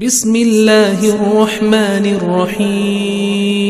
بسم الله الرحمن الرحيم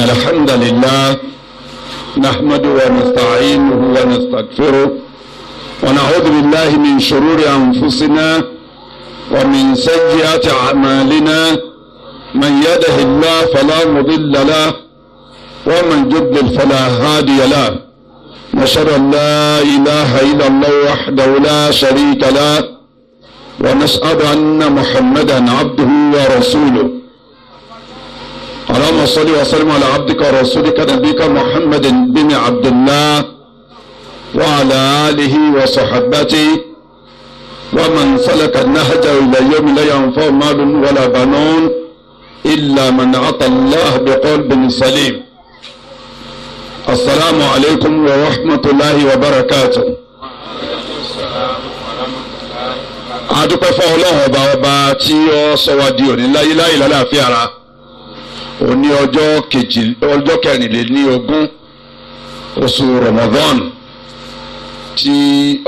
إن الحمد لله نحمده ونستعينه ونستغفره ونعوذ بالله من شرور أنفسنا ومن سيئات أعمالنا من يده الله فلا مضل له ومن يضلل فلا هادي له نشهد أن لا إله إلا الله وحده لا شريك له ونسأل أن محمدا عبده ورسوله اللهم صل وسلم على عبدك ورسولك نبيك محمد بن عبد الله وعلى آله وصحبته ومن سلك النهج إلى يوم لا ينفع مال ولا بنون إلا من أعطى الله بقلب سليم السلام عليكم ورحمة الله وبركاته وعليكم fún ọlọ́run ọba ọba tí ó sọ wá di òní láyé láyé ara òní ọjọ́ kejì ọjọ́ kẹrìnlélógún oṣù Ramadan ti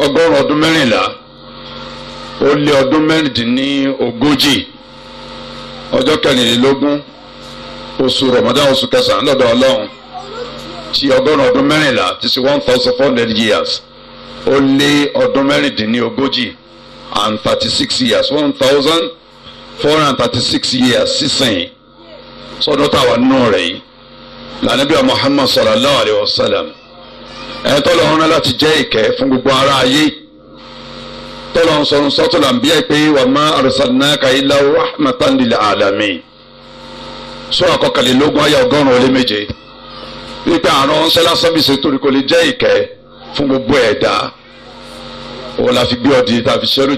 ọgọ́rùn ọdún mẹ́rìnlá ó lé ọdún mẹ́rìndínlógójì ọjọ́ kẹrìnlélógún oṣù Ramadan oṣù kẹsàn-án lọ́dọ̀ Ọlọ́run ti ọgọ́rùn ọdún mẹ́rìnlá ti sí one thousand four hundred years ó lé ọdún mẹ́rìndínlógójì and thirty six years one thousand four hundred and thirty six years sísìn sọdún táwa nù rẹ̀ yìí lànàbí Muhammad sallallahu alayhi wa sallam ẹ̀ tọ́lọ́run náà láti jẹ́ ìkẹ́ fún gbogbo ara ayé tọ́lọ́run sọ̀rọ̀ sọ́tún làǹbíyà pé wà má arsalnaka illa rahmatan lil alamin sọ́ra kọkànlélógún ayé ọgọ́rùn-ún ó lé méje wípé àrùn ọ̀nsẹ́lá sọ́bìsì torí kò lè jẹ́ ìkẹ́ fún gbogbo ẹ̀dá òun la fi gbé ọdí tá a fi ṣẹ́rù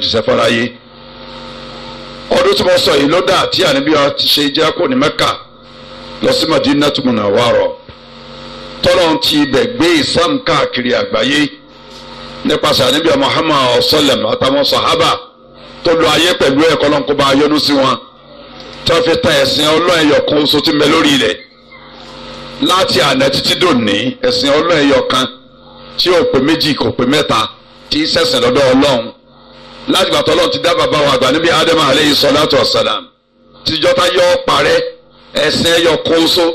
ọdún tí mo sọ yìí ló dà tí àníbíyà ti ṣe jẹ́ kó ní Mẹ́kà lọ sí madina tó múnà wà rọ tọ́lọ̀ ti ibẹ̀ gbé islam káàkiri àgbáyé nípasẹ̀ àníbíà muhammad ọ̀sọ́lẹ̀m àtàwọn sàhábà tó lo ayé pẹ̀lú ẹ̀kọ́ lọ́n kó bá yọ́nú sí wọn tó fi ta ẹ̀sìn ọlọ́ẹ̀yọ̀ kan oṣù tí ń bẹ lórí ilẹ̀ láti àná títí dòní ẹ̀sìn ọlọ́ẹ̀yọ̀ kan tí ò pé méjì kò pé mẹ́ta tí í ṣẹ̀sìn lọ́dọ̀ ọlọ́run láti gbàtọ́ ọlọ́run ti dá bàbá wa àgbà níbi ádámù aleyhi sọlátù ọ̀sálàm tíjọ́tá yọ ọ́ parẹ́ ẹ̀sìn ẹyọ kóso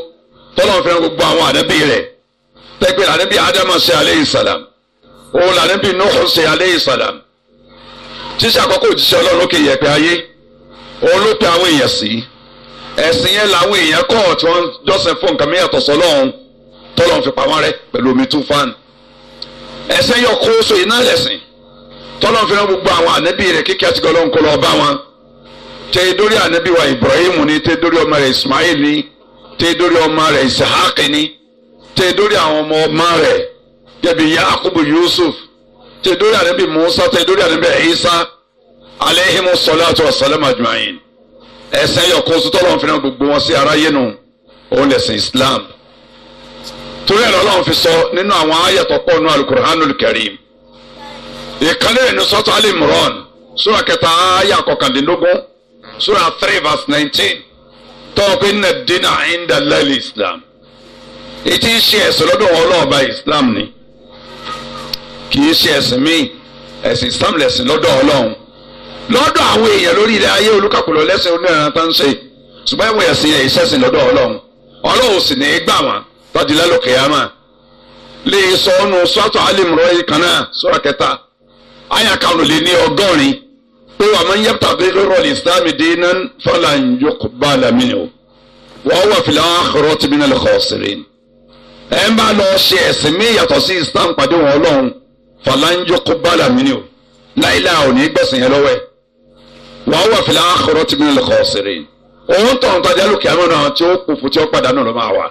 tọ́lọ́n fẹ́ràn gbogbo àwọn ànábì rẹ̀ tẹ́gbẹ́ ànábì ádámà ṣe aleyhi sàlám òun lànábì nóhùn ṣe aleyhi sàlám ṣíṣe àkọ́kọ́ òjíṣẹ́ ọlọ́run kì í yẹ pé ayé òun ló pe àwọn èèyàn sí ẹ̀sìn yẹn làwọn èèyàn kọ́ tí wọ́n jọ́sìn fún nǹkan mìíràn tọ̀sọ́ lọ́hùn tọ́lọ́n fi pamọ́ rẹ̀ pẹ̀lú omi tún fáànù ẹ̀sìn yọ kóso iná lẹ̀sìn tọ́lọ́n fẹ́ràn gbogbo àwọn ànábì rẹ̀ kíkẹ́ àti gọlọ́nkọlọ́ ọba wọn tẹ dórí ànábì wa Ibrahim ni tẹ dórí ọmọ rẹ̀ Ismail ni tẹ dórí ọmọ rẹ̀ Isahaq ni tẹ dórí àwọn ọmọ ọmọ rẹ̀ gẹbi Yakubu Yusuf tẹ dórí ànábì Musa tẹ dórí ànábì Isa aleihimu salatu wa salam ajumain ẹsẹ yọkọ sotọ lọhùn fìnnà gbogbo wọn sí aráyé nu òun lẹsìn Islam torí ẹ̀rọ lọ́hùn fi sọ nínú àwọn ayẹ̀tọ̀ pọ̀ nù alukur'anul karim ìkànnì rẹ̀ ní sọ́tọ̀ Ali Imran sura kẹta Surah 3 verse 19 Talking pé dinner in the lẹ́lẹ̀ Islam it is ṣe ẹ̀sìn lọ́dọ̀ wọn by Islam ni kì í ṣe ẹ̀sìn míì ẹ̀sìn Islam lẹ̀sìn lọ́dọ̀ Ọlọ́run lọ́dọ̀ àwọn èèyàn lórí ilẹ̀ ayé olúkàkùnrin lẹ́sìn oníran tá ń ṣe ṣùgbọ́n ẹ̀wọ̀n ẹ̀sìn ẹ̀ ìṣẹ́sìn lọ́dọ̀ oh, Ọlọ́run Ọlọ́run sì ní í gbà wọ́n tọ́jú lálùkè yàmà lè sọ ọ́nù sọ́tọ̀ alẹ́ mùrọ̀ yìí kan náà sọ́ra kẹta àyàkà ọ̀nà lè ní ọgọ́rin pé wà máa ń yẹ tàbí rírọ̀ ìsìlámù dinan falan yuqbala minhu wa huwa fil akhirati minal khasirin ẹ ń bá lọ ṣe ẹ̀sìn mí yàtọ̀ sí islam pàdé wọn ọlọ́run falan yuqbala minhu láìlà ò ní gbẹ̀sìn yẹn lọ́wọ́ ẹ̀ wa huwa fil akhirati minal khasirin òun tọ̀ ń tajà lókè àmọ́ náà tí ó kù fún tí ó padànù ló máa wà.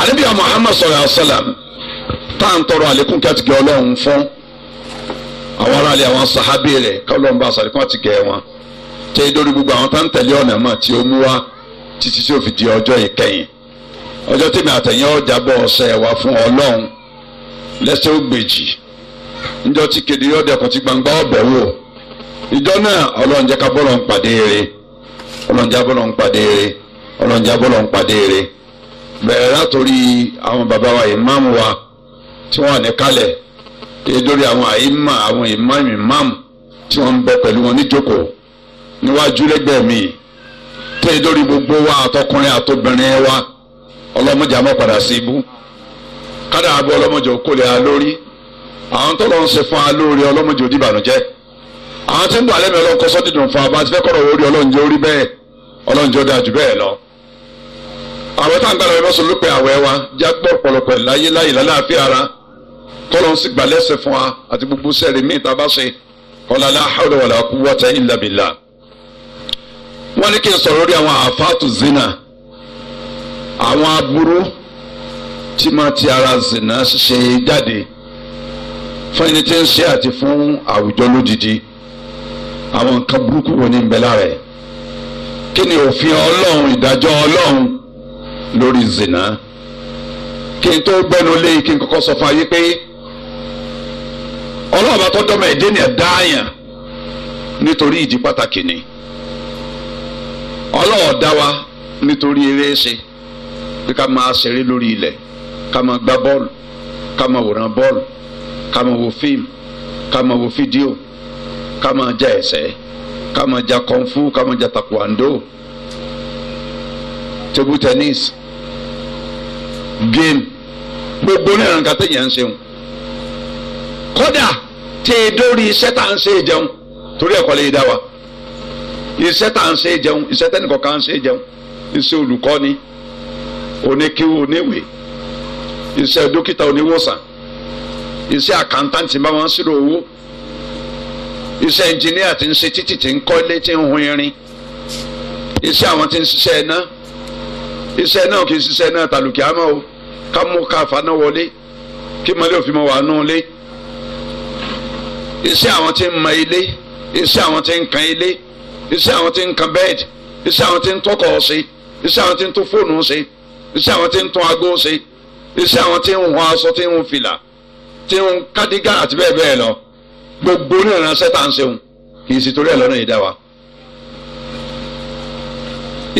àníbíà muhammad sallallahu alaihi tá à ń tọrọ àlékún kẹ́tìkẹ́ ọlọ́run fún àwọn aráàlú àwọn sàhábì rẹ̀ kọ́lọ́n bá sàlékún àti gẹ̀ wọn tẹ́ ìdórí gbogbo àwọn tá ń tẹ̀lé ọ̀nà mọ̀ tí ó mú wá títí tí ó fi di ọjọ́ ìkẹyìn ọjọ́ tèmi àtẹ̀yìn ọ̀jábọ̀ ọ̀sẹ̀ wa fún ọlọ́run lẹ́sẹ̀ ògbèjì níjọ́ tí kedere ti gbangba ọ̀bẹ̀ wò ìjọ náà ọlọ́run jẹ́ ká bọ́lọ̀ ń pàdé ọlọ́run jẹ́ bọ́lọ̀ ń pàdé ọlọ́run jẹ́ lórí àwọn àìmọ̀ àwọn ìmáàmù ìmáàmù tí wọ́n ń bẹ pẹ̀lú wọn níjókòó níwájú lẹ́gbẹ̀ẹ́ mi tẹ́ lórí gbogbo wa àtọkùnrin àtobìnrin wa ọlọ́mọdé àmọ́ padà sí ibú kádà abọ́ ọlọ́mọdé òkòlè a lórí àwọn tó lọ ń ṣe fún a lórí ọlọ́mọdé òdìbànújẹ́ àwọn tí ń bọ̀ alẹ́ mi ọlọ́run kọ́sọ́ dídùn fún abá ti fẹ́ kọ́rọ̀ orí ọlọ́njẹ́ orí bẹ́ẹ̀ ọlọ́njẹ́ ó dáa bẹ́ẹ̀ lọ. àwọn táwọn gbàdúrà wọn sọ àwẹ̀ wa jágbọ́ ọ̀pọ̀lọpọ̀ láyé láyè lálẹ́ àfíà ara tọ́lọ́ sì gbà lẹ́sẹ̀ fún wa àti gbogbo sẹ́ẹ̀rì míì tá a bá ṣe kọ́lálá hàwùlẹ̀ wàlà kú wọ́tẹ́ ìlàbìlà. wọ́n ní kí n sọ̀rọ̀ lórí àwọn àfáàtù zina àwọn aburú tí máa ti ara zina ṣe jáde fún ẹni tí ń ṣe àti fún àwùjọ lódìdí àwọn nǹkan burúkú wo ni ń bẹ lára ẹ̀ kí ni òfin ọlọ́run ìdájọ́ ọlọ́run lórí zina kí n tó gbẹ́nu lé kí n kọ́kọ́ sọ fún ayé pé ọlọ́ọ̀bá tó dọ́mọ ẹ̀dẹ́ ni ẹ̀dáàyàn nítorí ìdí pàtàkì ni ọlọ́ọ̀dá wa nítorí eré ṣe pé ká máa ṣeré lórí ilẹ̀ ká máa gbá bọ́ọ̀lù ká máa wòran bọ́ọ̀lù ká máa wo fíìmù ká máa wo fídíò ká máa já ẹ̀sẹ̀ ká máa já kọ́ńfù ká máa já taekwondo table tennis game gbogbo ní ìrànkà ń ṣeun kódà tẹ ẹ dórí iṣẹ́ tá à ń ṣe jẹun torí ẹ̀kọ́ lè dá wa iṣẹ́ tá à ń ṣe jẹun iṣẹ́ tẹ́nìkan kan ń ṣe jẹun iṣẹ́ olùkọ́ ni oníkíwò oníwèé iṣẹ́ dókítà oníwòsàn iṣẹ́ àkántáǹtì bá wọn sílò owó iṣẹ́ ẹnjìníà ti ń ṣe títì tí ń kọ́lé tí ń hun irin iṣẹ́ àwọn tí ń ṣiṣẹ́ iná iṣẹ́ náà kì í ṣiṣẹ́ náà tàlùkì àmọ́ o ká mú káfa náà wọlé kí mọ́lẹ́ òfin mọ́ wà nù lé iṣẹ́ àwọn tí ń mọ ilé iṣẹ́ àwọn tí ń kan ilé iṣẹ́ àwọn tí ń kan bẹ́ẹ̀dì iṣẹ́ àwọn tí ń tọkọ̀ ṣe iṣẹ́ àwọn tí ń tún fóònù ṣe iṣẹ́ àwọn tí ń tún aago ṣe iṣẹ́ àwọn tí ń hun aṣọ tí ń hun fìlà tí ń hun kádígà àti bẹ́ẹ̀ bẹ́ẹ̀ lọ gbogbo oníranṣẹ́ tá à ń ṣeun kì í sì torí ẹ̀ lọ́nà yìí dá wa.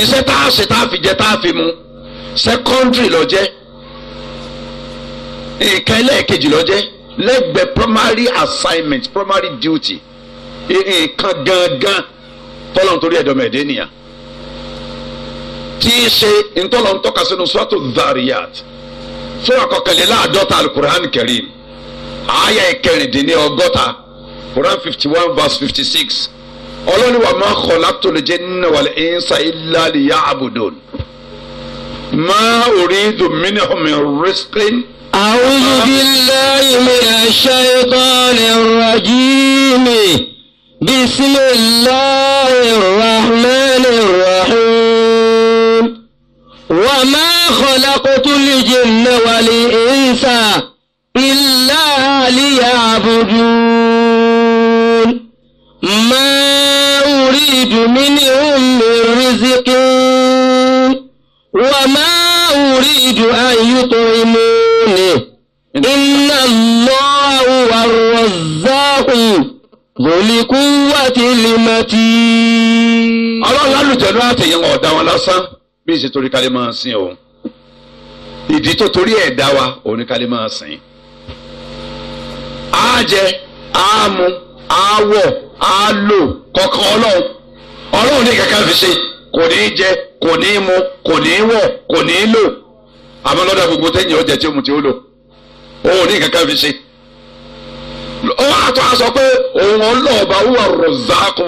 iṣẹ́ tá a ṣe tá a fi jẹ tá a fi mu secondary lọ jẹ́ nǹkan ẹlẹ́ẹ̀kejì lọ jẹ́ lẹ́gbẹ̀ẹ́ primary assignment primary duty nǹkan gangan tọ́lọ̀ nítorí ẹ̀dọ́mọ̀ ẹ̀dẹ́ nìyà tí í ṣe ntọ́lọ̀ ntọ́ka sínú sọ́tò Dhariyat fún àkọkànléláàdọ́ta alukur'an Karim àyà ìkẹrìndínlẹ́ọgọ́ta Quran fifty one verse fifty six ọlọ́ni wa ma khalaqtul jinna wal insa illa liya'budun ma uridu minhum min rizqin. أعوذ بالله من الشيطان الرجيم بسم الله الرحمن الرحيم وما خلقت الجن والإنس إلا ليعبدون ما أريد منهم من رزق وما أريد أن يطعمون lónìí. Inna Allaha huwa ar-Razzaqu dhul quwwati al-matin. Ọlọ́run lálùjẹ̀lú àtẹ̀yẹn ọ̀dà wọn lásán bí ìṣe torí kálí máa sìn òun. Ìdí tó torí ẹ̀ wa òun ni kálí máa sìn. Á jẹ, á mu, á wọ̀, á lò kọ̀ọ̀kan ọlọ́run. Ọlọ́run ní kankan fi ṣe kò ní jẹ, kò ní mu, kò ní wọ̀, kò ní lò àmọ́ lọ́dọ̀ gbogbo tẹ́yìn ọjà tí òun ti ó lò òun ní kankan fi ṣe ó wà tó a sọ pé òun ọlọ́ ọba wúwa rọ̀zákù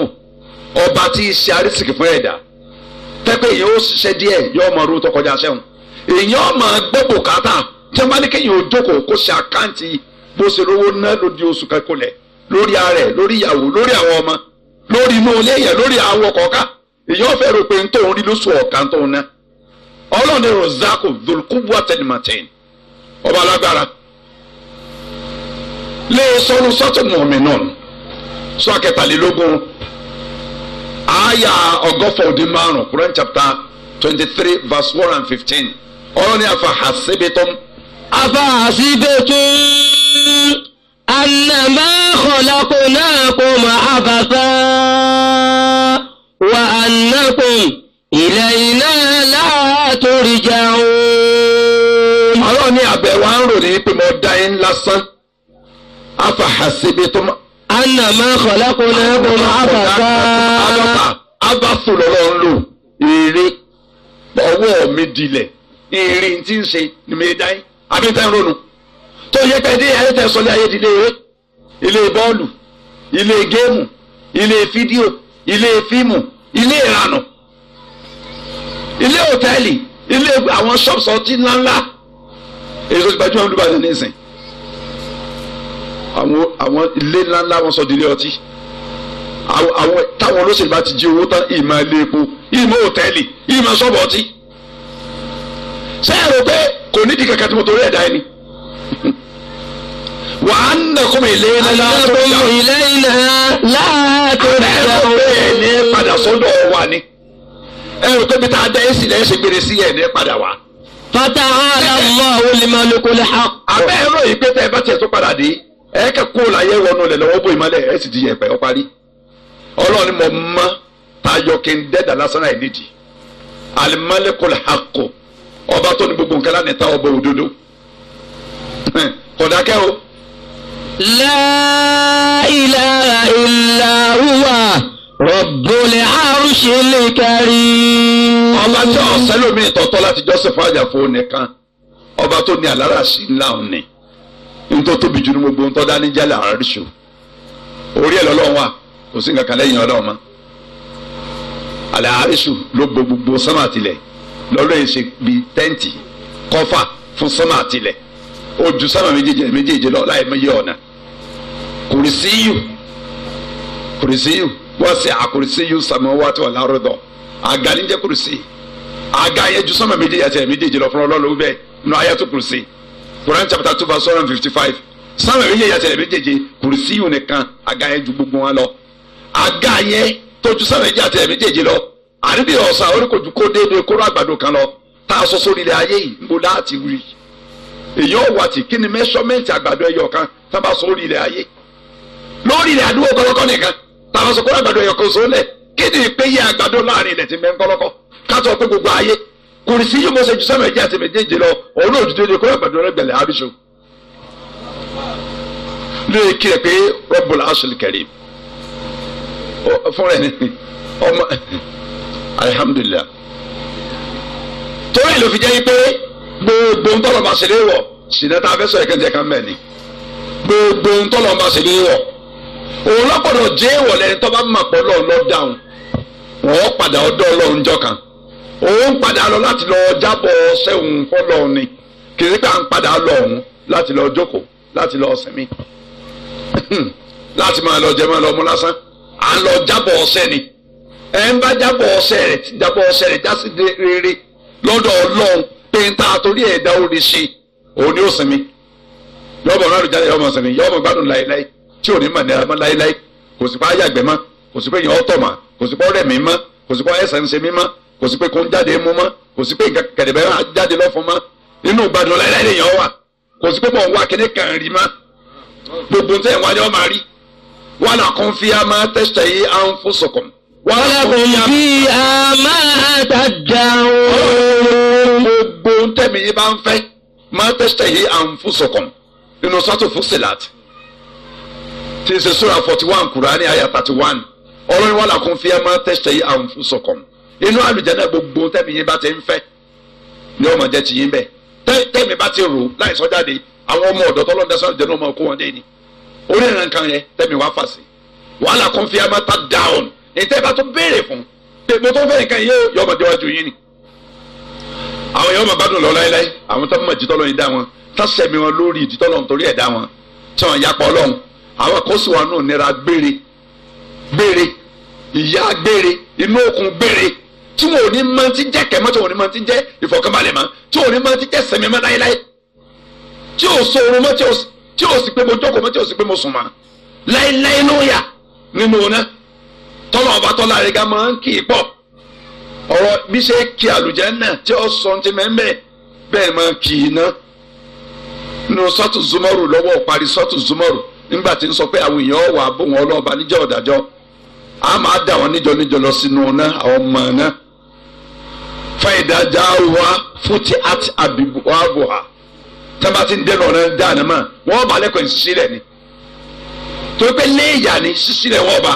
ọba tí í ṣe arísìkì fún ẹ̀dá tẹ́pẹ́ èyí ó ṣiṣẹ́ díẹ̀ yóò mọ orúkọ kọjá sẹ́wọ̀n èyí ó máa gbọ́ bùkátà tí wọ́n bá ní kéèyàn ó kó ṣe àkáǹtì bó ṣe lówó ná lódi oṣù kankulẹ̀ lórí arẹ̀ lórí ìyàwó lórí àwọn ọmọ lórí inú ilé yẹn lórí àwọn ọkọ̀ èyí ó fẹ́ rò pé ń rí lóṣù ọ̀kan tóun náà ọlọ́ni rọ̀zákò dùlùkúbù àtẹnumàtẹ́n ọba alágbára lè sọ̀rọ̀ e sọ́tùmù mìíràn sọ akẹtàlélógún àyà ọgọ́fà òdi márùn Quran chapter twenty three verse one and fifteen ọlọ́ni afa hasibetum. afa hasibetum annama khalaqnakum abatha wa annakum ilayna la turja'un. ọlọ́run ní àbẹ̀wò à ń rò ní pé mo dá yín lásán afa hasibitum. annama khalaqnakum abasa. abasu lọ́lọ́run lò eré ọwọ́ mi dilẹ̀ eré tí ń ṣe ni mi dá yín àbí tẹ́ ń ronú tó yẹ pé dé ayé tẹ sọlé ayé dilé eré ilé bọ́ọ̀lù ilé géèmù ilé fídíò ilé fíìmù ilé ìranù ilé hòtẹ́ẹ̀lì ilé àwọn ṣọ́ọ̀ṣì ọtí ńláńlá èyí tó ti gbajúmọ̀ ní Ìbàdàn nísìn àwọn ilé ńláńlá wọn sọ di ilé ọtí àwọn táwọn olóṣèlú bá ti jí owó tán ìmọ̀ ilé epo ìmọ̀ hòtẹ́ẹ̀lì ìmọ̀ ṣọ́ọ̀bù ọtí sẹ́yìn rò pé kò nídìí kankan tí mo torí ẹ̀dá ẹni wà á nàkùn ìlẹ́yìn láàtọ̀ ìlẹ́yìn láàtọ̀ ìlẹ́yìn padà sọ́dọ̀ wà ni ẹ rò pé bí tá a dá èsì lẹ́yìn ṣe gbèrè sí ẹ̀ ní padà wá. fata Allahu limalikul haqq. abẹ́ ẹ̀rọ yìí pé tẹ́ ẹ bá tiẹ̀ tó padà dé ẹ kẹ́ kó láyé wọnú lẹ̀ lọ́wọ́ bó ìmọ̀lẹ̀ ẹ sì di yẹn pẹ̀ ọ́ parí. ọlọ́run ni mo tayọ kí n dẹ́dà lásán àì nídìí alimalikul haqq ọba tó ní gbogbo nǹkan lánàá ta ọba òdodo kọ̀dákẹ́ o. la Rabbul arshil karim. ọlájọ́ sẹ́lómi ìtọ́tọ́ láti Joseph Àjàfọ́ nìkan ọba tó ní aláràṣì ńlá òun ni nítorí tóbi jù ní gbogbo ńtọ́ dání jálẹ̀ àrùṣù orí ẹ̀ lọ́lọ́run wà kò sí nǹkan kan lẹ́yìn ọlọ́run mọ́ alẹ́ àrùṣù ló bo gbogbo sánmà tilẹ̀ lọ́lọ́ yìí ṣe bíi tẹ́ǹtì kọ́fà fún sánmà tilẹ̀ ó ju méjèèjì lọ láì mọ iye ọ̀nà kùrìsíyù kùrìsíyù a kursiyu samawati wal arda àga ní jẹ́ kùrùsì àga yẹn ju sọ́mọ̀ méjèèjì àti ẹ̀mẹ́jèèjì lọ fún ọlọ́run bẹ́ẹ̀ nínú ayatul kursi Quran chapter two verse one fifty five sọ́mọ̀ àti yìí nìkan àga ju gbogbo wọn lọ àga tó ju sọ́mọ̀ àti lọ àríbi ọ̀sán kó déédéé kóró àgbàdo kan lọ tá a sọ sórí ilẹ̀ ayé yìí a táwọn sọ pé àgbàdo ẹ̀yọ̀ kan sóò lẹ̀ kí ni ìpéyé àgbàdo láàrin ilẹ̀ tí mẹ́ ń kọ́lọ́kọ́ kátó pé gbogbo ayé kò sí yí mo ṣe ju sẹ́mẹ̀jì àti méjèèjì lọ òun ò dúdú kó àgbàdo rẹ gbẹ̀lẹ̀ abisu. lóye kí ẹ pé Rabbul Arshil Karim fúnra ẹni ọmọ alihamudulilayi torí ló fi jẹ́ pé gbogbo ntọ́lọ̀ máa ṣe léwọ̀ sinata afẹ́sọ̀ ẹ̀kẹ́ntẹ́ kan bẹ́ẹ̀ ni gbogbo ntọ́lọ̀ máa ṣe léwọ̀ òun lọ́gbọ̀dọ̀ jẹ́ ìwọ̀lẹ́ tó bá mọ̀ pọ̀ lọ́ọ̀ lọ́dáhùn wọ́n padà ọ̀dọ̀ ọlọ́run jọ kan òun padà lọ láti lọ jábọ̀ sẹ́hùn fọlọ́ọ̀ ni kìí gbà ń padà lọ ọ̀hún láti lọ jókòó láti lọ sinmi láti máa lọ jẹ máa lọ mú lásán à ń lọ jábọ̀ ọ̀sẹ̀ ni ẹ̀ ń bá jábọ̀ ọ̀sẹ̀ rẹ̀ jábọ̀ ọ̀sẹ̀ rẹ̀ jásí rere lọ́dọ̀ ọlọ́run pé ń ta àtòrí ẹ̀dá orí sí òun ni ó sinmi yọ̀bọ̀ náà lè jáde yọ̀bọ̀ sinmi yọ̀bọ̀ gbádùn láéláé tí ò ní mọ̀ nira mọ́ láéláé kò sí pa ayàgbẹ́ mọ́ kò sí pé yẹn ọ̀tọ̀ mọ́ kò sí pa ọ̀rẹ́ mi mọ́ kò sí pa ẹ̀sẹ̀ ń ṣe mi mọ́ kò sí pé kò ń jáde mú mọ́ kò sí pé kẹ̀dẹ̀bẹ̀ máa jáde lọ́fun mọ́ inú ìgbàdùn láéláé lèèyàn wà kò sí pé mò ń wá kíní kan rí mọ́ gbogbo tẹ̀ wá ni máa rí wọn là kún fi àmà tẹ̀sítẹ̀ yìí à ń fún sọ̀kùn. wọn là kún fi àmà máa tẹ̀sítẹ̀ tí ń ṣe sura forty one Kùránì àyà thirty one ọlọ́run wà lákùn fi ẹ máa tẹ̀sítẹ̀ yìí àwọn sọ̀kọ̀m inú àlùjẹ́dẹ́ gbogbo tẹ́mi yín bá ti ń fẹ́ ni ọmọ jẹ́ ti yín bẹ́ẹ̀ tẹ́mi bá ti rò láì sọ jáde àwọn ọmọ ọ̀dọ́ tọ́lọ́ dẹ́sọ́ àlùjẹ́ náà máa kó wọn dé ni orí ìran kan yẹn tẹ́mi wá fà sí wà lákùn fi ẹ ta down ní tẹ́ bá tó béèrè fún mo tó fẹ́ nǹkan yìí yọ ọmọdé wájú yín ni àwọn yẹn ọmọ bá dùn lọ láéláé àwọn tó mọ̀ ìdítọ́lọ́ yìí dá wọn tó sẹ̀mí àwọn kan sì wà nù nira gbére gbére ìyá gbére inú òkun gbére tí wọn ò ní máa ti jẹ́ kẹ́mọ́ tí wọn ò ní máa ti jẹ́ ìfọ̀kànbalẹ̀ mọ́ tí wọn ò ní máa ti jẹ́ sẹ̀mí mọ́ láéláé tí ò sọ̀rọ̀ mọ́ tí ò sì pé mo jókòó mọ́ tí ò sì pé mo sùn mọ́ láéláé ló yà nínú ọ̀nà tọ́lọ̀ ọba tọ́lá rẹ̀ ga máa ń kì í pọ̀ ọ̀rọ̀ bí ṣe kí àlùjánnà tí ó sọ ti mẹ́mẹ́ bẹ́ẹ̀ máa kì í ná nínú sọ́tù zumaru lọ́wọ́ parí sọ́tù zumaru nígbà tí ń sọ pé àwọn èèyàn wà bóun ọlọ́ọ̀ba níjọ́ ọ̀dàjọ́ a máa dà wọ́n níjọ níjọ lọ sínú ọ̀nà àwọn ọmọ ọ̀nà fàyídàjà wa fúti àti àbíbu wa bò ha tẹ́lẹ̀ ti ń dẹ́nu ọ̀nà dáná mọ́ wọ́n bá lẹ́kọ̀ọ́ ìṣiṣi rẹ̀ ni torí pé léèyà ni ṣiṣi rẹ̀ wọ́n bá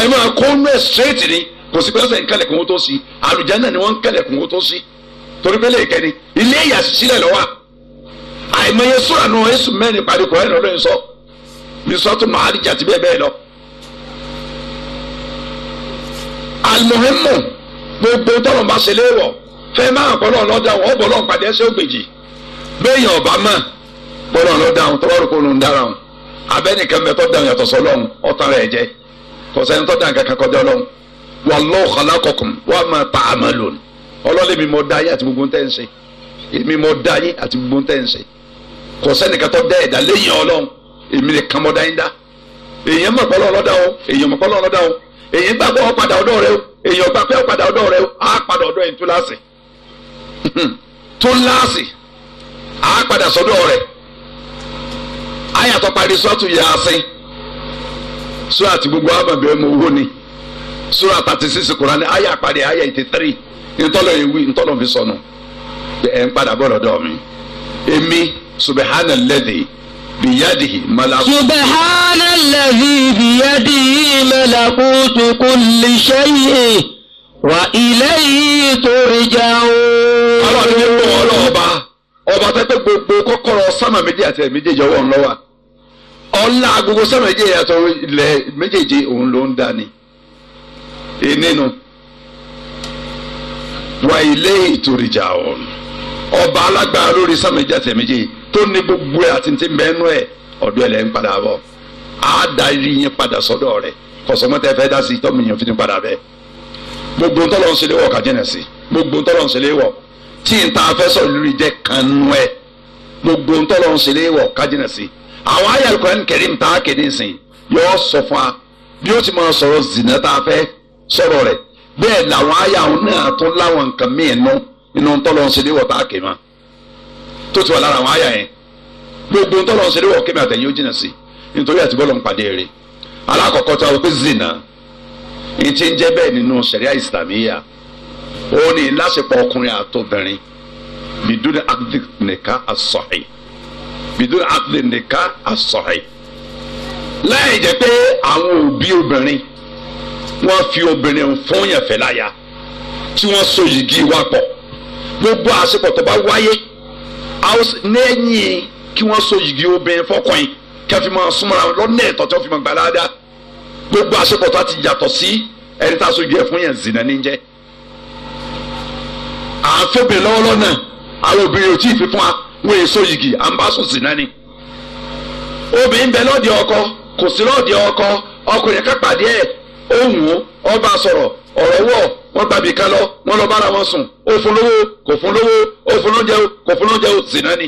ẹ̀ máa kó nú ẹ̀ straight ni kò sí pé ọ̀sẹ̀ ń kẹlẹ̀kùn ó tó sí àlùjáná ni wọ́n ń kẹlẹ̀kùn ó tó sí torí pé léèkẹ́ ni ilé lọ́wọ́ àìmọye sóra nù Jésù mẹ́rin parí kùrẹ́ lọ́dọ̀ yìí sọ mi sọ tó máa dìjà tí bẹ́ẹ̀ bẹ́ẹ̀ lọ. alimohimu gbogbo tọ́lọ̀ bá ṣe léwọ̀ fẹ́ máa bọ́ lọ́n lọ́dà wọ́n bọ́ lọ́n padà ẹsẹ̀ ògbèjì bẹ́ẹ̀ yàn ọ̀bá mọ̀ bọ́ lọ́n lọ́dà wọn tọ́lọ́ kó lóun dára wọn abẹ́nìkan bẹ tọ́ da yàtọ̀ sọ ọ̀tàn rẹ̀ jẹ́ kọ̀sẹ́ni tọ́ nǹkan kan kò sẹ́nìkan tó dá ẹ̀dá lẹ́yìn ọlọ́run èmi nìkan mọ́ dá yín dá èèyàn mọ̀ pọ́lọ́ ọlọ́dà o èèyàn mọ̀ pọ́lọ́ ọlọ́dà o èèyàn gbà pé ó padà ọ̀dọ̀ rẹ o èèyàn gbà pé ó padà ọ̀dọ̀ rẹ o á padà ọ̀dọ̀ yẹn tó láàsì tó láàsì á padà sọ́dọ̀ rẹ̀ ayàtọ̀ parí sọ́ọ̀tù yaasin sura ti gbogbo amabẹ́rẹ́ mọ owó ni sura thirty six Kùránì ayà parí ayà eighty three ntọ́lọ̀ ewi ntọ́lọ̀ fi sọnù ẹ̀ ń padà bọ̀ lọ́dọ̀ mi èmi. سبحان الذي بيده malakutu. سبحان الذي بيده malakutu كل شيء وإليه ترجعون turja'un. ọlọ́run ní kó wọ́n lọ́wọ́ bá ọba tẹ́tẹ́ gbogbo kọ́kọ́rọ́ sámà méjì àti ẹ̀mẹ́jẹ̀jẹ̀ wọ̀ ń lọ́wọ́ ọlá agogo sámà méjèèjì àti ilẹ̀ méjèèjì òun ló ń dání nínú wa ilé ìtòrìjà ọ̀hún ọba alágbára lórí sámà méjì àti tó ní gbogbo ẹ̀ àti ti mẹ́nu ẹ̀ ọ̀dọ̀ ẹ̀ lẹ́ ń padà bọ̀ á darí yín padà sọ́dọ̀ rẹ̀ kọ̀sọ́mọ́tẹ́ fẹ́ dá sí tọ́mìyàn fi ní padà bẹ́ẹ̀ gbogbo ntọ́lọ́ ń ṣẹlẹ̀ wọ̀ ká jẹ́nà sí gbogbo ntọ́lọ́ ń ṣẹlẹ̀ wọ̀ tí n ta fẹ́ sọ̀rọ̀ lórí jẹ́ kanu ẹ̀ gbogbo ntọ́lọ́ ń ṣẹlẹ̀ wọ̀ ká sí àwọn ayé Al-Qur'an Karim ta kéde sìn yọ sọ fún wa bí ó ti máa sọ̀rọ̀ zìnà tá fẹ́ sọ̀rọ̀ rẹ̀ bẹ́ẹ̀ làwọn ayé àwọn náà tó láwọn nǹkan míì nú inú ntọ́lọ́ ń ṣẹlẹ̀ wọ̀ tá a kéma tó ti wà lára àwọn àyà yẹn gbogbo ntọ́lọ́ ṣe léwọ̀ kémi àtẹ̀yìn ó jìnnà sí nítorí àti bọ́lọ̀ ń pàdé rẹ̀ alákọ̀ọ́kọ́ tí a wọ pé zina ìtì ń jẹ́ bẹ́ẹ̀ nínú ṣẹ̀ríà ìsìlámíyà ó ní láṣepọ̀ ọkùnrin àtobìnrin bidúni akdi nìka asọ̀hì bidúni akdi nìka asọ̀hì láì jẹ́ pé àwọn òbí obìnrin wọ́n fi obìnrin fún yẹn fẹ́ tí wọ́n so yìgì wá pọ̀ gbogbo àṣepọ̀ tó bá wáyé lẹ́yìn kí wọ́n so yìgì obìnrin fọkùnrin kí wọ́n fi máa súnmọ́ra lọ́nà ẹ̀tọ́ tí wọ́n fi máa gbà dáadáa gbogbo àṣepọ̀ tó ti yàtọ̀ sí ẹni tá a so yìgì ẹ̀ fún yẹn zìnà ní jẹ́ àfẹ́bẹ̀ lọ́wọ́lọ́ náà àwọn obìnrin ò tí ì fi fún wa wọ́n èso yìgì à ń bá sùn zìnà ni obìnrin bẹ lọ́ọ̀dì ọkọ kò sí lọ́ọ̀dì ọkọ ọkùnrin kápàdé ọ̀rọ̀ wọ̀ wọ́n gbàbí kan lọ wọ́n lọ bára wọn sùn ó fún lówó kò fún lówó ó fún lóúnjẹ ó kò fún lóúnjẹ ó zina ni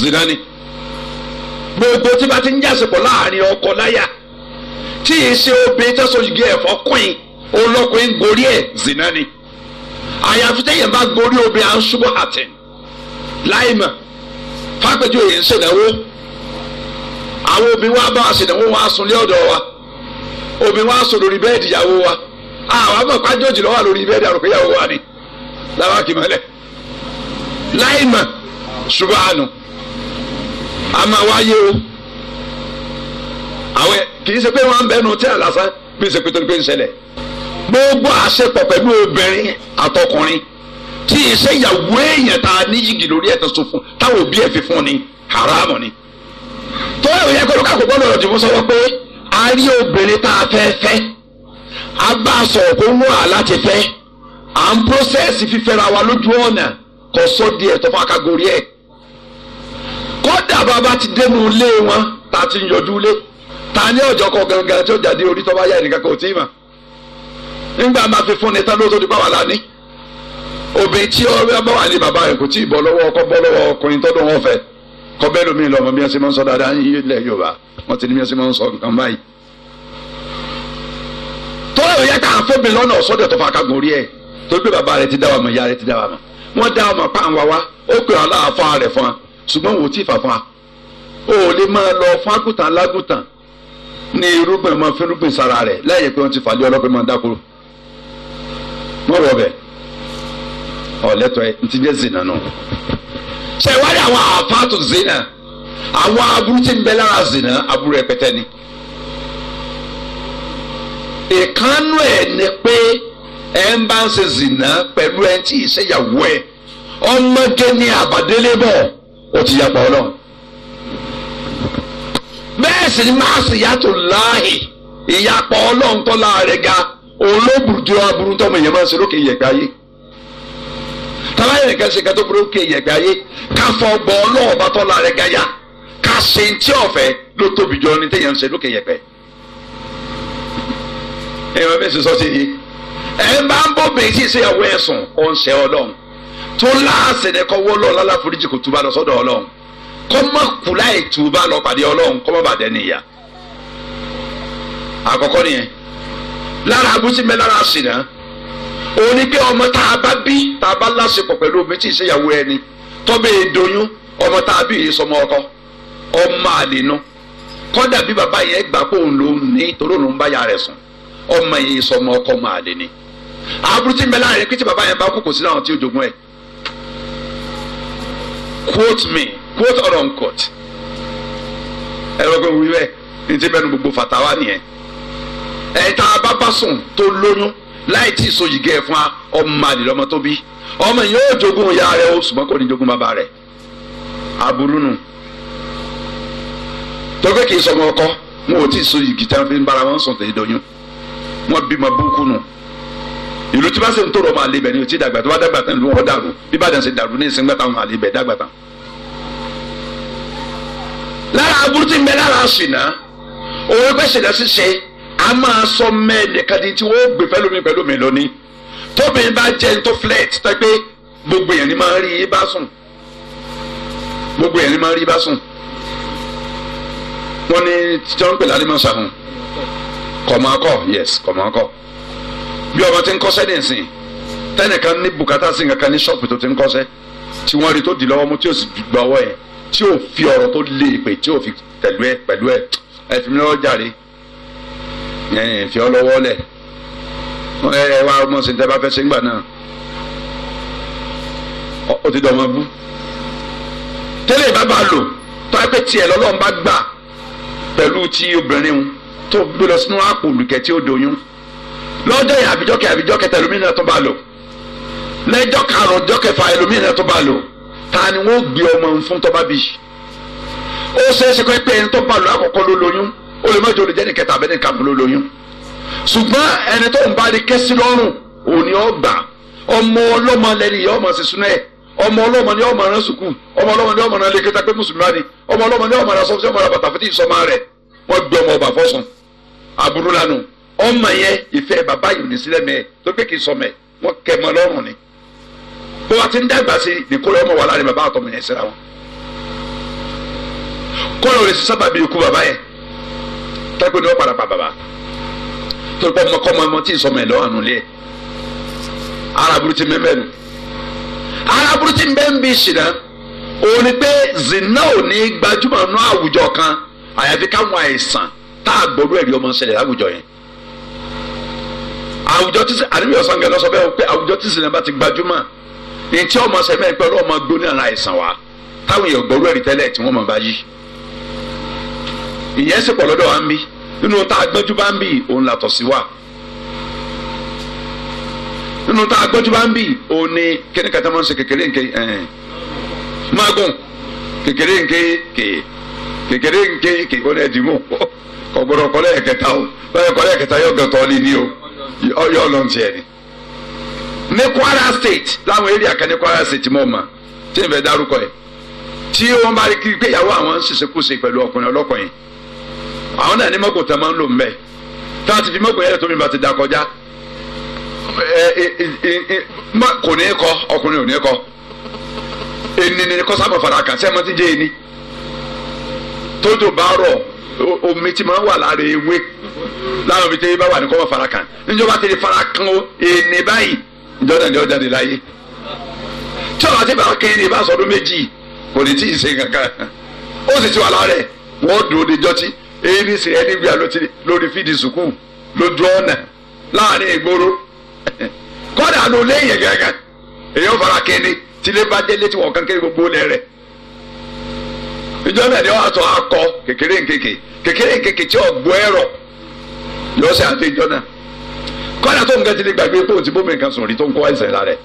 zina ni gbogbo tí bá ti ń jásepọ̀ láàrin ọkọ láyà tí yìí ṣe obìnrin tó sojúgé ẹ̀fọ́ kùn-ín olókùn-ín gorí ẹ̀ zina ni àyàfi tẹ́yẹ̀ bá gorí obìnrin à àtẹ̀ láìmọ̀ fápẹ́jọ́ yìí ń ṣèdánwó àwọn obìnrin wa bá wa ṣèdánwó wọn á sunlé ọ̀dọ̀ wa obìnrin wa sọ lórí bẹ́ẹ̀dì ìyàwó wa àwọn àmọ́ pàjọ́jì lọ́wọ́ lórí bẹ́ẹ̀dì àròkè ìyàwó wa ni làwọn àkìmọ́lẹ̀ láì mà subahànù àmà wáyé o àwọn kì í ṣe pé wọn ń bẹnu tí àlàsán bí ṣe pété pé ń ṣẹlẹ̀ gbogbo àṣepọ̀ pẹ̀lú obìnrin àtọkùnrin tí iṣẹ́ ìyàwó èèyàn ta ní yìgì lórí ẹ̀tọ́ sọ fún táwọn òbí ẹ̀ fi fún ni haramu ni tó yẹ kó lóka kó gbọ́dọ̀ ọ̀dìmú pé a rí obìnrin tá a fẹ́ fẹ́ a bá a sọ̀rọ̀ kó mú fẹ́ à ń pọ́sẹ̀sì fífẹ́ra wa lójú ọ̀nà kò sọ di ẹ̀tọ́ ẹ̀ kódà bàbá ti dénú ilé wọn tá a ti ta ní ọjọ́ kọ gangan tí ó jáde orí tó bá yá ẹnìkan kò tí ì mà nígbà máa fi fúnni tán ní obìnrin tí wà ní bàbá rẹ̀ kò wọ́n ti ní mìíràn sí máa ń sọ nǹkan báyìí. tọ́lá yóò yẹ ká àfọ́bìnrin lọ́nà ọ̀sọ́dọ̀ tó fa kagun orí ẹ̀ tó gbé bàbá rẹ ti dá wa mọ̀ ìyá ti dá wa mọ̀ wọ́n dá wa mọ̀ wa ó pè láàfọ́ rẹ̀ fún wa ṣùgbọ́n wò ó tí fà fún wa. lè máa lọ fún àgùntàn lágùntàn ní irúgbìn ọmọ fínrúgbìn sára rẹ̀ pé wọ́n ti fàlẹ́ ọlọ́pẹ́ máa dákúrò. wọ bẹ̀ ntí zina nù. ṣe àwọn aburú tí ń bẹ lára zina aburú ẹpẹtẹ ni ìkànnù ẹ ni pé ẹ ń bá ń ṣe zina pẹ̀lú ẹ tí ìṣèyàwó ẹ ọmọdé ní àbàdélé bọ̀ ó ti yàgbọ́ ọlọ́run bẹ́ẹ̀ sì ni máa sì yàtọ̀ láàyè ìyàpọ̀ ọlọ́run tó láàrẹ̀ ga olóbùdó aburú tọmọ èèyàn máa ń ṣe lókè yẹ̀gbẹ́ ayé tàbá yẹn kẹsì kẹtọ́ burú kè ayé káfọ́ gbọ́ ọlọ́ọ̀bá tó láàrẹ̀ ga yá ṣe ń tí ọ̀fẹ́ ló tóbi jọ ní téèyàn ń ṣe lókè yẹpẹ. ẹ wọ́n fẹ́ sọ sọ́sì yìí ẹ bá ń bọ̀ bẹ́ẹ̀ sí ṣe ọwọ́ ẹ̀sùn ó ń ṣe ọlọ́run tó láàṣẹ ní kọ́ wọ́ lọ́ọ́ lálá foríjì kò túbà lọ sọ́dọ̀ ọlọ́run kọ́ mọ̀ kú láì túbà lọ pàdé ọlọ́run kọ́ mọ̀ bàdẹ́ níyà. àkọ́kọ́ nìyẹn lára abúsí mẹ́ lára àṣìná òní ọmọ tá a bá bí tá a bá láṣepọ̀ pẹ̀lú omi tí ì ẹni tọ́bẹ̀ èdòyún ọmọ tá a bí ìsọmọ ọkọ ọmọ àlè nu kọ́dà bí bàbá yẹn gbà pé òun ló ń ní torí òun bá ya rẹ̀ sùn ọmọ yẹn sọ ọmọ ọkọ ọmọ àlè ni aburú tí ń bẹ láàrin pé tí bàbá yẹn bá kú kò sí láwọn tí ó jogún ẹ̀ quote me quote or unquote ẹ̀rọ pé wíwẹ́ ní ti bẹ́ẹ̀ nu gbogbo fàtàwá nìyẹn ẹ̀ta bábá sùn tó lóyún láì tí ì so yìgẹ́ ẹ̀ fún wa ọmọ àlè lọ́mọ tó bí ọmọ yẹn ó jogún ìyá rẹ̀ ó ṣùgbọ́n kò ní jogún bàbá rẹ̀ aburú nù tọ́gbẹ́ kì í sọmọ ọkọ wọn ò tí ì so igi tí wọn fi ń bára wọn sọ̀tẹ̀ ìdọ́yún wọn bímọ búkú nù ìlú tí wọn sì ń tó rọmọ àlebẹ ni ò tí ì dàgbà tó bá dàgbà tán ìlú wọn dàrú bí bàdàn ṣe dàrú ní ìsìn gbàtà wọn àlebẹ dàgbà tán. lára aburú tí ń bẹ lára ṣìnà òun pẹ́ ṣìnà ṣíṣe a máa sọ mẹ́ẹ̀dẹ̀kan di tí wọ́n gbé pẹ́lú mi pẹ́lú mi lónìí tóbi bá jẹ́ tó wọ́n ní tí wọ́n ń pè lálẹ́ mọ́sá fún kọ̀mọ́kọ̀ yes kọ̀mọ́kọ̀ bí ọmọ ti ń kọ́sẹ́ ní ìsìn tẹ́nìkan ní bùkátà sí nǹkan kan ní ṣọ́ọ̀pù tó ti ń kọ́sẹ́ tí wọ́n rí tó dì lọ́wọ́ mú tí ó sì gba ọwọ́ yẹn tí ó fi ọ̀rọ̀ tó lé ìpè tí ó fi tẹ̀lú ẹ pẹ̀lú ẹ ẹ fi mi lọ́wọ́ jàre ẹ fi ọ lọ́wọ́ lẹ̀ ẹ ẹ wá ọmọ sí ní tẹ́ bá fẹ́ ṣe ńgbà náà ó ti dọ̀ ọmọ bú tẹ́lẹ̀ bá bá lò tó ẹ pé tiẹ̀ lọ́lọ́run bá gbà pẹ̀lú ti obìnrin wọn tó gbé lọ sínú àpò olùkẹ́ tí ó doyún lọ́jọ́ yẹn àbíjọ́kẹ́ àbíjọ́kẹ́ tẹ ẹlòmíràn tó bá lò lẹ́jọ́ karùn-ún ọjọ́ kẹfà ẹlòmíràn tó bá lò ta ni wọ́n gbé ọmọ ń fún tọ́ba bí ó ṣeéṣe kó pé ẹni tó bá lò àkọ́kọ́ ló lóyún ó lè mọ́jọ́ olùjẹ́ ní kẹta abẹ́ni kàbọ̀ ló lóyún ṣùgbọ́n ẹni tó ń bá ní kẹ́sí lọ́rùn òní ọgbà ọmọ ọlọ́mọ lẹ́ni ìyá ọmọ sísun náà ọmọ ọlọ́mọ ni ọmọ rán sùkúù ọmọ ọlọ́mọ ni ọmọ rán lẹ́kẹ́ta pé mùsùlùmí ni ọmọ ọlọ́mọ ni ọmọ rán sọ́fíìsì ọmọ rán bàtà fún ti ìsọmọ rẹ̀ wọ́n gbé ọmọ ọba fọ́sùn aburú lanu ọmọ yẹn ìfẹ́ bàbá yìí ní sílẹ̀ mẹ́ tó pé kì í sọmẹ wọ́n kẹ́ mọ lọ́rùn ni bó wa ti ń dàgbà sí ni kó lọ́mọ wà láàrin bàbá àtọmọ yẹn síra wọn. kó lọ rẹ̀ sísá bàbí ikú bàbá yẹn tẹ́kọ̀ ni wọ́n padà pa bàbá tó lọ́mọ kọ́ mọ́ ọmọ tí aláburú tí ń bẹ ń bi ṣìnà òun ni pé zina ò ní gbajúmọ̀ nú àwùjọ kan àyàfi káwọn àìsàn tá a gbọ́dọ̀ ẹ̀rí ọmọ ṣẹlẹ̀ láwùjọ yẹn àwùjọ tí àníbi ọ̀sán gẹ̀ẹ́ lọ́sọ bẹ́ẹ̀ pé àwùjọ tí sinimá ti gbajúmọ̀ ní tí ọmọ sẹ́mi ẹ̀ pé ọlọ́mọ gbóni àrà àìsàn wa táwọn èèyàn gbọ́dọ̀ ẹ̀rí tẹ́lẹ̀ tí wọ́n mọ̀ báyìí ìyẹn sì pọ̀ lọ́dọ̀ wa ń bí nínú tá a gbẹ́jú bá ń bí òun làtọ̀ sí wa nínú tá a gbọ́jú bá ń bì ó ní kíni kata máa ń ṣe kékeré nke magun kékeré nke ké kékeré nke ké ó ní ẹ̀dínwó kò gbọdọ̀ kọ́lẹ́ ẹ̀kẹta o báyọ̀ kọ́lẹ́ ẹ̀kẹta yóò gẹ̀ tọ́lé ní o yóò lọ́n tiẹ̀ ni. ní Kwara State láwọn area kan ní Kwara State mọ̀ ma tí n fẹ́ dárúkọ yẹ tí wọ́n bá rí kiri pé ìyàwó àwọn ń ṣiṣẹ́ kùsè pẹ̀lú ọkùnrin ọlọ́kùnrin àwọn náà ní mọ́kò tán máa ń lò ń bẹ̀ tá a ti fi mọ́kò yẹn tó bá ti dà kọjá Eh, eh, eh, kò ní kọ ọkùnrin ò ní kọ ẹni ni kọ́ sábà fara kàn sí ẹ̀ máa ti jẹ́ ẹni tójò bá rọ̀ omi tí máa wà lára ewé láwọn omi tí ewé bá wà ní kọ́ máa fara kàn níjọba ti di fara kan o ẹni báyìí ìjọba ìjọba jáde láyé tí ọ̀la ti bá kéde ní ìbá sọdún méjì kò ní tí ì ṣe kankan ó sì ti wà lára ẹ̀ wọ́n dùn ó de jọ́tí èyí ní sè é nígbà lórí fídì sùkúù lójú ọ̀nà láàrin ìgboro kọ́dà ló léyìn gẹ́gẹ́ èèyàn fara kéde tílé bá délé tí wọ́n gbogbo lẹ́ rẹ̀ ìjọ náà ni wọ́n á akọ kékeré nkeke, kékeré nkeke tí ọ̀gbọ́ ẹ̀rọ lọ́sẹ̀ àti ìjọ náà kọ́dà tó lè gbàgbé pé òun ti bómi nǹkan sùn rí tó ń kọ́ ẹ̀sẹ̀ la rẹ̀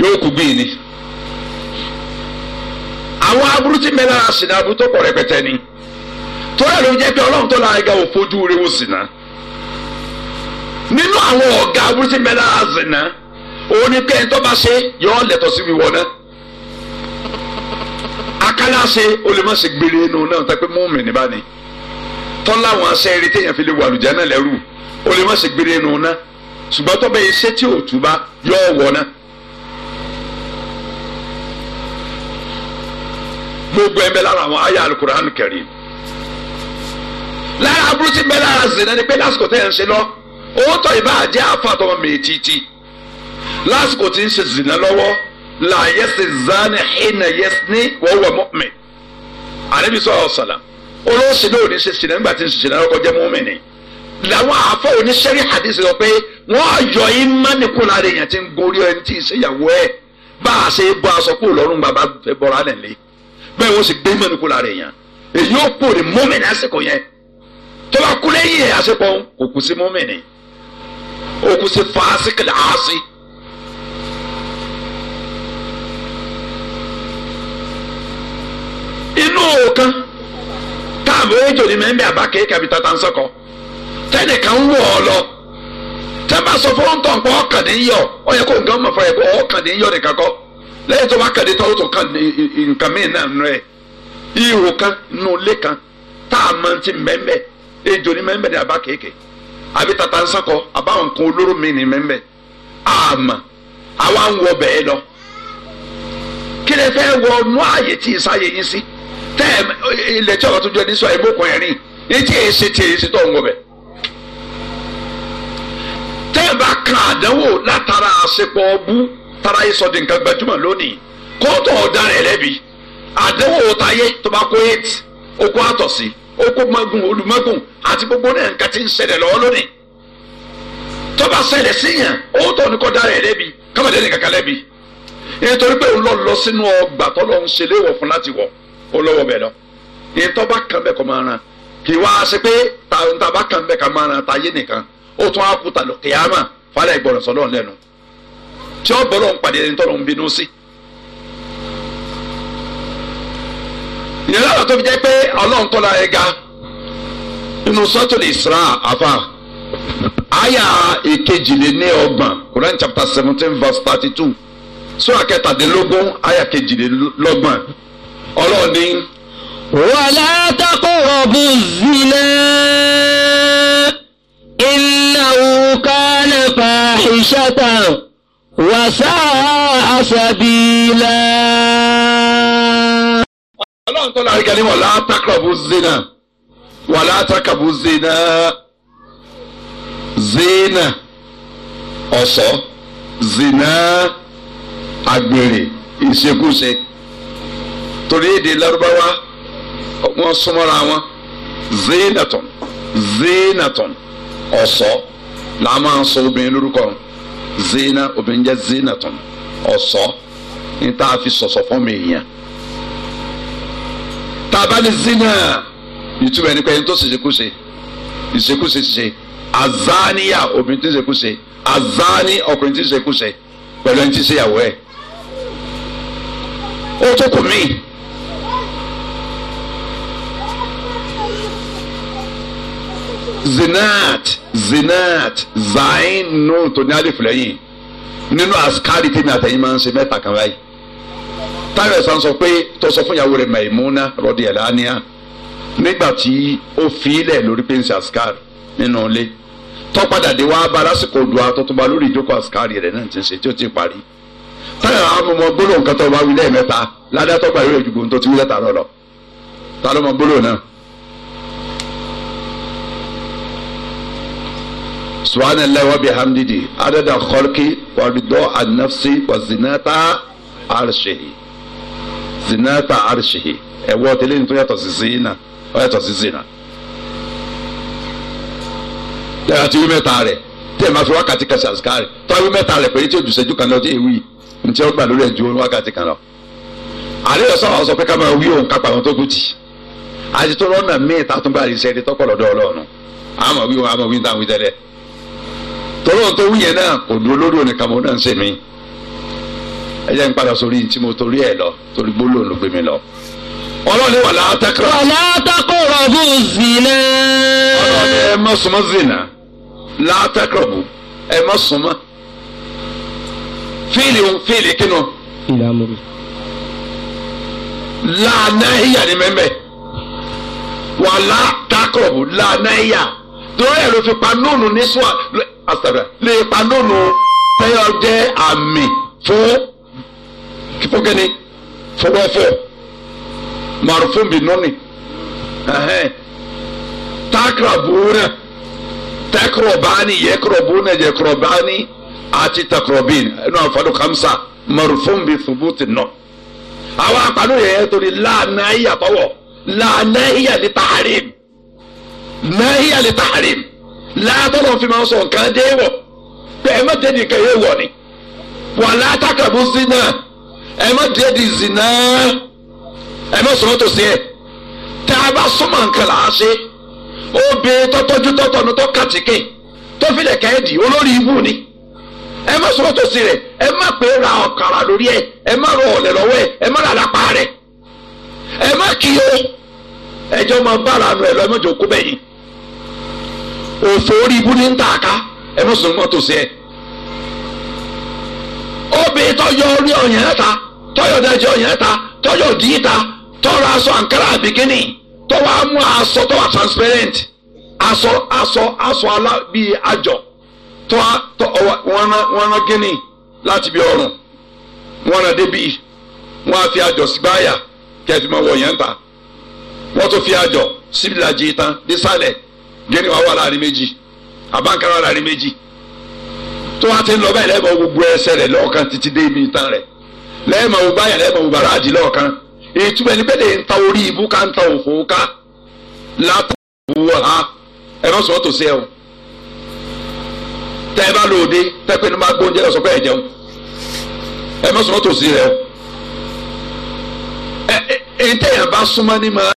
yóò kú gbìn ni àwọn aburú mẹ́lára ni tó yà ló jẹ́ pé ọlọ́run tó la òfojú rẹ̀ nínú àwọn ọ̀gá abúlé mẹ́ta àzìnà òun ni kẹ́hìn tó bá ṣe yọ ọ́ lẹ́tọ̀ sí wíwọ náà akálàṣe olèmọ̀ṣe gbére inú náà tẹ́ pé mọ́ọ̀mì níbà ni tọ́lá àwọn aṣẹ́ eré téèyàn fi lè wà lùjẹ́ náà lẹ́rù olèmọ̀ṣe gbére inú náà ṣùgbọ́n tó bẹ́ẹ̀ iṣẹ́ tí òtún bá yọ ọ̀wọ́ náà. gbogbo ẹ̀ ń lára àwọn ayé Al-Qur'an Karim lára abúlé ti bẹ lára zina ni pé lásìkò tẹ́ ẹ̀ ń ṣe lọ́ọ́ owó tọ̀ ìbá àjẹ́ àfàtọ̀mọ̀ mètìtì lásìkò tí ń ṣe zìnà lọ́wọ́ là yẹsẹ̀ zani ẹ̀nà yẹsẹ̀ ní wọ́wọ́ mọ́mì àrẹ́bí sọ̀rọ̀ sọ̀là olóòsì náà ò ní ṣe zìnà nígbà tí ń ṣe zìnà lọ́kọ́ jẹ́ mọ́mì ni làwọn afọ oníṣẹ́rí hadith sọ pé wọ́n yọ ìmánìkún lára èèyàn tí ń gorí ẹni tí ì ṣèyàwó ẹ̀ bá a ṣe bọ́ aṣọ kúrò lọ́rùn bàbá fẹ́ bọ́ra lẹ́lẹ́ bẹ́ẹ̀ wọ́n sì gbé ìmánìkún lára èèyàn èyí ó pòrè mọ́mì ní àsìkò yẹn tó bá kú lẹ́yìn àṣepọ̀ kò kù sí mọ́mì ni o kò ṣe fàásìkì làásì. inú òkan táàbù ejò ni mẹ́ńbẹ́ àbá kéèké àbí tata ń sọ̀kọ tẹ́nìkan ń wọ̀ ọ́ lọ tẹ́nbà sọ fún ọ̀ntàn pé ọ̀kàn ní yọ ọ yẹ kó nǹkan mọ̀ fún ẹ pé ọ̀kàn ní yọ nìkan kọ́ lẹ́yìn tó bá kàn ní tọ́lọ́tò kan nǹkan mìíràn náà nù ẹ̀ ihò kan nù lé kan táàmù ti mẹ́ńbẹ́ ejò ni mẹ́ńbẹ́ ni àbá kéèké àbí tata ń sọkọ àbáwọn nǹkan olóró mi ní mẹ́mbẹ́ àmọ́ àwa ń wọ bẹ́ẹ̀ lọ kí lè fẹ́ wọ nú ààyè tí ìsáyè yín sí tẹ́ ilẹ̀ tí ọ̀rọ̀ tó jọ ní sọ ẹ̀mọ́kùn ẹ̀rín etí èsì tí èsì tó ń wọ bẹ́ẹ̀ tẹ́ ẹ bá kan àdánwò látara àṣepọ̀ ọbú tara yìí sọ di nǹkan gbajúmọ̀ lónìí kóòtù ọ̀daràn ẹlẹ́bi àdánwò táyé tó bá kó eight okó àtọ̀sí. Si okomagun olùmọ́gun àti gbogbo náà nǹkan ti ń ṣẹlẹ̀ lọ́wọ́ lónìí tó bá ṣẹlẹ̀ síyàn ó tọ̀ ní kọ́ dára ẹ̀ lẹ́bi kámẹ́lẹ́ ní kankan lẹ́bi nítorí pé òun lọ lọ sínú ọgbà tó lọ ń ṣe léwọ̀ fún láti wọ̀ ó lọ́wọ́ bẹ̀ lọ ní tó bá bẹ́ẹ̀ kọ́ máa ran kì í wá ṣe pé ta bá kàn bẹ́ẹ̀ kọ́ máa ran ta yé nìkan ó tún á kú ta lọ kìyàmà falẹ̀ ìgbọ̀ràn sọ́lọ́ lẹ́nu tí ó ìyẹn lọ́nà tó fi jẹ́ pé ọlọ́run tó lára ẹ̀ ga nínú sọ́tòlì Isra àfà àyà èkejìléníọgbọ̀n Quran chapter seventeen verse thirty two sura kẹtàdínlógún àyà kejìlélọ́gbọ̀n ọlọ́run ní. wàlá taqrabu zina innahu kana fahishatan wa sa'a sabila ọlọ́run tó la rí kẹ́lí wala taqrabu zina wala taqrabu zina zina ọ̀sọ́ zina agbèrè ìṣekúṣe torí èdè lárúbáwá wọ́n súnmọ́ra wọn zinaton zinaton ọ̀sọ́ làá máa ń sọ obìnrin lórúkọ zina obìnrin jẹ́ zinaton ọ̀sọ́ ní tá a fi sọ̀sọ̀ fún mi yẹn. Tabali zina ìtumọ̀ ẹni pé ẹni tó ṣèṣekúṣe ìṣekúṣe ṣe azaniya obìnrin tí ń ṣekúṣe azani ọkùnrin tí ń ṣekúṣe pẹ̀lú ẹni tí ń ṣèyàwó ẹ̀ ó tó kù mí. zinat zinat zain nù tó ní alif lẹ́yìn nínú askari tí mi àtẹ̀yìn máa ń ṣe mẹ́ta kan báyìí táyọ̀ ẹ̀sán sọ pé tó sọ fún ìyàwó rẹ̀ Maimuna rọ́dí ẹ̀ lánìá nígbà tí ó fi ilẹ̀ lórí pé ń ṣe àṣkárì nínú ilé tó padà dé wá bá lásìkò dùn àtọ́túnba lórí ìjókòó àṣkárì rẹ̀ náà ti ṣe tí ó ti parí táyọ̀ amọ̀mọ́ gbólóhùn nǹkan tó bá wí lẹ́ẹ̀mẹ́ta ládàtọ́gbà ìró ìdìbò tó ti wí lẹ́ta rọ̀ ta ló mọ gbólóhùn náà. subhanallahi wa bihamdihi adada khalqi wa ridha an-nafsi zinata arshihi ẹ̀wọ́ tẹ́lẹ̀ tó yàtọ̀ sí zina ó yàtọ̀ sí zina. lẹ́yìn àti wí mẹ́ta rẹ̀ tí fi wákàtí wí mẹ́ta rẹ̀ pé tí kan tí lórí wákàtí kan yọ sọ pé ká máa wí òun kápá àwọn tó kù tì àti tó lọ́nà míì tá a tún rí sẹ́ni lọ́dọ̀ ọlọ́run àmọ̀ wí òun àmọ̀ wí ẹ jẹ́ n padà sórí tí mo torí ẹ̀ lọ torí gbólóhùn ló gbé mi lọ. ọlọ́ọ̀ni wà látàkùrọ̀. wà látàkùrọ̀ bù zìnà. ọlọ́ọ̀ni ẹ má súnmọ́ zìnà látàkùrọ̀ bù ẹ má súnmọ́. fíìlì ń fíìlì kínú. fíìlì amúbi. lànà ìyá ni mẹ́mẹ́ wà látàkùrọ̀ bù lànà ìyá torí ẹ̀ ló fi pa nóònù ní sùn àtàrà lè pa nóònù tẹ́yọ̀ jẹ́ àmì fún kifogeni fowefo marufun bi noni takrabuna takrobani yekrobuna yekrobani àti takrobin ẹnu àǹfààní kamsa marufun bi thubuti nọ. àwọn àpàlù yẹn torí láàánáyà tọwọ láàánáyà ní tààrim náyà ní tààrim láàtọ̀lọ̀ fi máa sọ nǹkan dé wọ̀ bẹ́ẹ̀ má dé nìkan yẹn wọ̀ ni wàlá takrabu ẹ má díẹ̀ di zina ẹ má sọ̀rọ̀ tó sí ẹ tá a bá súnmọ́ nǹkan là á ṣe obìnrin tọ́tọ́jú tọ́tọ́nu tó kàtìkì tó filẹ̀ kẹ́ẹ̀dì olórí ibù ni ẹ má sọ̀rọ̀ tó sí rẹ̀ ẹ má pé ra ọ̀kàrà lórí ẹ ẹ má rọ ọ̀lẹ̀ lọ́wọ́ ẹ ẹ má rà lápá rẹ̀ ẹ má kí o ẹjọ́ máa bá ara nu ẹ lọ ẹ má jọ kó bẹ́yìn òfò ni ń tà ká ẹ má sọ̀rọ̀ tó sí ẹ obìnrin tó tọ́yọ̀ dẹ́jọ́ yẹn ta tọ́yọ̀ dì í ta tọ́ra aṣọ àǹkárá àbíkínì tọ́wọ́ á aṣọ tọ́wọ́ transparent aṣọ aṣọ aṣọ alá bíi àjọ tọ́ wọ́n rán gíní láti bí ọrùn wọ́n rán débi wọ́n á fi àjọ sígbáyà kẹfì máa wọ̀ yẹn ta wọ́n tún fi àjọ síbi làjì tán dísàlẹ̀ gíní wàá wà láàrin méjì àbáǹkárá wà láàrin méjì tó wá ti ń lọ bẹ́ẹ̀ lẹ́bọ̀ gbogbo ẹsẹ̀ rẹ̀ lọ́ọ̀kan títí dé ibi ìtàn rẹ̀ lẹ́ẹ̀mọ̀ wò báyà lẹ́ẹ̀mọ̀ wò bàrà àdìlọ́ kan ìtumọ̀ ẹni bẹ́ẹ̀ ń ta orí ibú ká ń ta òfò ká látàwọ̀ ha ẹ má sọ ọ́ tòsí ẹ o tẹ́ ẹ bá lò dé tẹ́pẹ́ ní máa gbóúnjẹ lọ́sọ̀ pé ẹ jẹun ẹ má sọ ọ́ tòsí rẹ o ẹ ẹ ntẹ́yìn bá súnmọ́ ní máa